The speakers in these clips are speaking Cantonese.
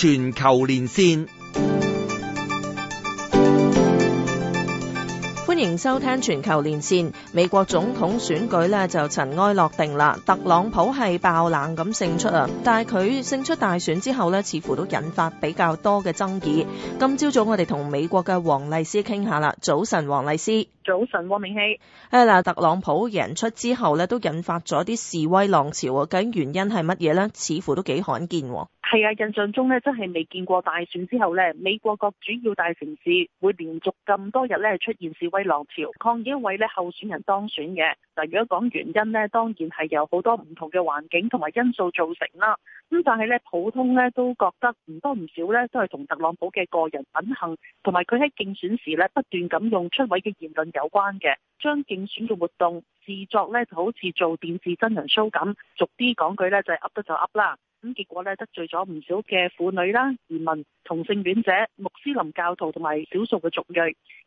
全球連線，歡迎收聽全球連線。美國總統選舉呢就塵埃落定啦，特朗普係爆冷咁勝出啊！但係佢勝出大選之後呢，似乎都引發比較多嘅爭議。今朝早我哋同美國嘅黃麗斯傾下啦。早晨，黃麗斯。早晨，汪溟曦、嗯。特朗普贏出之後呢都引發咗啲示威浪潮啊！究竟原因係乜嘢呢？似乎都幾罕見。係啊，印象中咧，真係未見過大選之後咧，美國各主要大城市會連續咁多日咧出現示威浪潮，抗議一位咧候選人當選嘅。但如果講原因呢，當然係由好多唔同嘅環境同埋因素造成啦。咁但係呢，普通呢都覺得唔多唔少呢都係同特朗普嘅個人品行同埋佢喺競選時呢不斷咁用出位嘅言論有關嘅。將競選嘅活動視作呢就好似做電視真人 show 咁，逐啲講句呢就係噏得就噏啦。咁結果呢，得罪咗唔少嘅婦女啦、移民、同性戀者、穆斯林教徒同埋少數嘅族裔。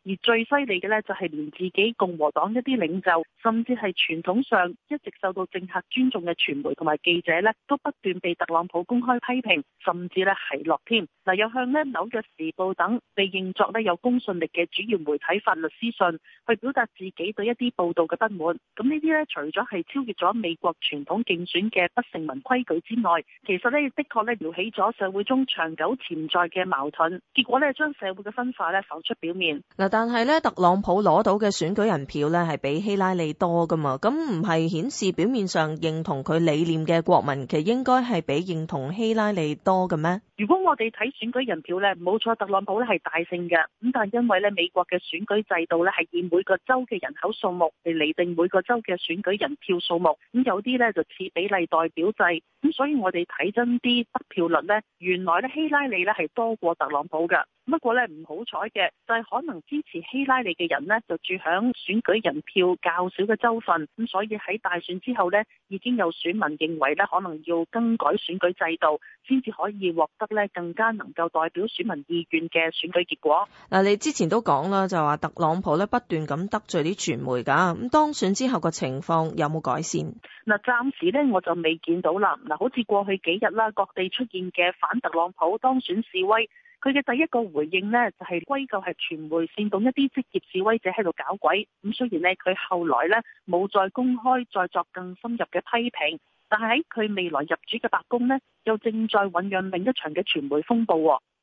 而最犀利嘅呢，就係連自己共和黨一啲領袖甚至。係傳統上一直受到政客尊重嘅傳媒同埋記者呢，都不斷被特朗普公開批評，甚至呢奚落添。嗱，又向呢紐約時報等被認作呢有公信力嘅主要媒體法律私信，去表達自己對一啲報導嘅不滿。咁呢啲呢，除咗係超越咗美國傳統競選嘅不成文規矩之外，其實亦的確呢撩起咗社會中長久潛在嘅矛盾，結果呢，將社會嘅分化呢浮出表面。嗱，但係呢，特朗普攞到嘅選舉人票呢，係比希拉里多。咁唔係顯示表面上認同佢理念嘅國民，其實應該係比認同希拉里多嘅咩？如果我哋睇選舉人票呢，冇錯，特朗普呢係大勝嘅。咁但係因為咧美國嘅選舉制度呢係以每個州嘅人口數目嚟擬定每個州嘅選舉人票數目。咁有啲呢就似比例代表制。咁所以我哋睇真啲得票率呢，原來咧希拉里呢係多過特朗普㗎。不過呢，唔好彩嘅就係、是、可能支持希拉里嘅人呢，就住響選舉人票較少嘅州。份咁，所以喺大選之後呢，已經有選民認為咧，可能要更改選舉制度，先至可以獲得咧更加能夠代表選民意願嘅選舉結果。嗱，你之前都講啦，就話特朗普咧不斷咁得罪啲傳媒噶，咁當選之後個情況有冇改善？嗱，暫時咧我就未見到啦。嗱，好似過去幾日啦，各地出現嘅反特朗普當選示威。佢嘅第一個回應呢，就係歸咎係傳媒煽動一啲職業示威者喺度搞鬼。咁雖然呢，佢後來呢冇再公開再作更深入嘅批評，但係喺佢未來入主嘅白宮呢，又正在醖釀另一場嘅傳媒風暴。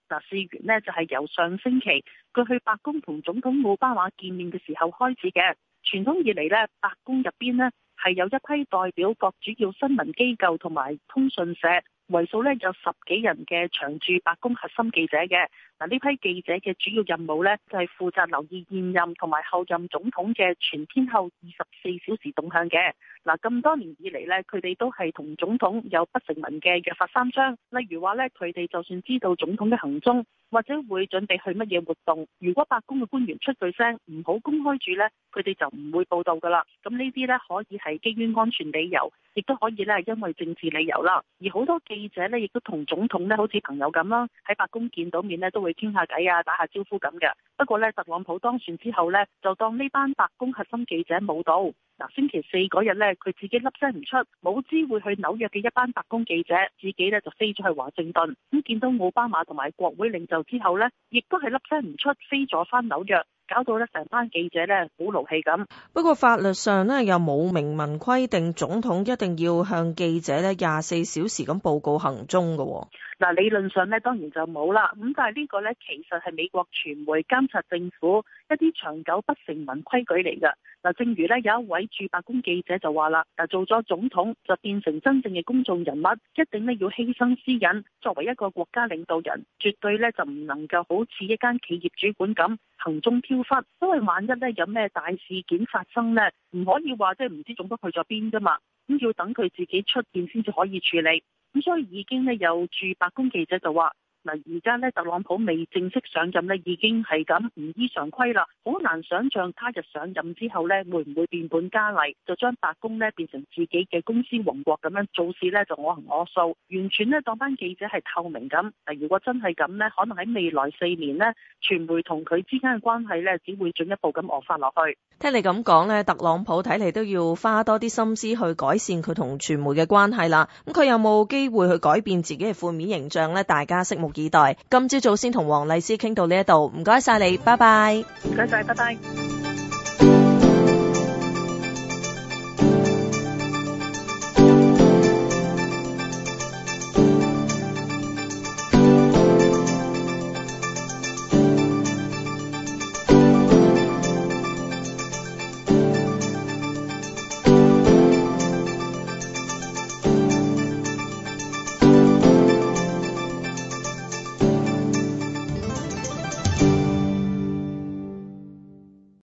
嗱，事源呢，就係由上星期佢去白宮同總統奧巴馬見面嘅時候開始嘅。傳統以嚟呢，白宮入邊呢，係有一批代表各主要新聞機構同埋通訊社。為數咧有十幾人嘅長駐白宮核心記者嘅。嗱，呢批記者嘅主要任務呢，就係負責留意現任同埋後任總統嘅全天候二十四小時動向嘅。嗱，咁多年以嚟呢，佢哋都係同總統有不成文嘅約法三章。例如話呢，佢哋就算知道總統嘅行蹤，或者會準備去乜嘢活動，如果白宮嘅官員出句聲唔好公開住呢，佢哋就唔會報道噶啦。咁呢啲呢，可以係基於安全理由，亦都可以呢，因為政治理由啦。而好多記者呢，亦都同總統呢，好似朋友咁啦，喺白宮見到面呢，都會去傾下偈啊，打下招呼咁嘅。不過呢，特朗普當選之後呢，就當呢班白宮核心記者冇到。嗱，星期四嗰日呢，佢自己粒聲唔出，冇知會去紐約嘅一班白宮記者，自己呢就飛咗去華盛頓。咁見到奧巴馬同埋國會領袖之後呢，亦都係粒聲唔出，飛咗翻紐約，搞到呢成班記者呢，好勞氣咁。不過法律上呢，又冇明文規定總統一定要向記者呢廿四小時咁報告行蹤噶。嗱，理論上咧當然就冇啦，咁但係呢個咧其實係美國傳媒監察政府一啲長久不成文規矩嚟嘅。嗱，正如咧有一位駐白宮記者就話啦，嗱做咗總統就變成真正嘅公眾人物，一定咧要犧牲私隱。作為一個國家領導人，絕對咧就唔能夠好似一間企業主管咁行蹤飄忽，因為萬一咧有咩大事件發生咧，唔可以話即係唔知總統去咗邊㗎嘛，咁要等佢自己出現先至可以處理。咁所以已經咧，有駐白宮記者就話。而家咧，特朗普未正式上任咧，已經係咁唔依常規啦，好難想像他日上任之後咧，會唔會變本加厲，就將白宮咧變成自己嘅公司王國咁樣做事呢，就我行我素，完全呢，當班記者係透明咁。如果真係咁呢，可能喺未來四年呢，傳媒同佢之間嘅關係呢，只會進一步咁惡化落去。聽你咁講呢，特朗普睇嚟都要花多啲心思去改善佢同傳媒嘅關係啦。咁佢有冇機會去改變自己嘅負面形象呢？大家拭目時代，今朝早，早先同黃麗斯傾到呢一度，唔該晒你，拜拜。唔該晒，拜拜。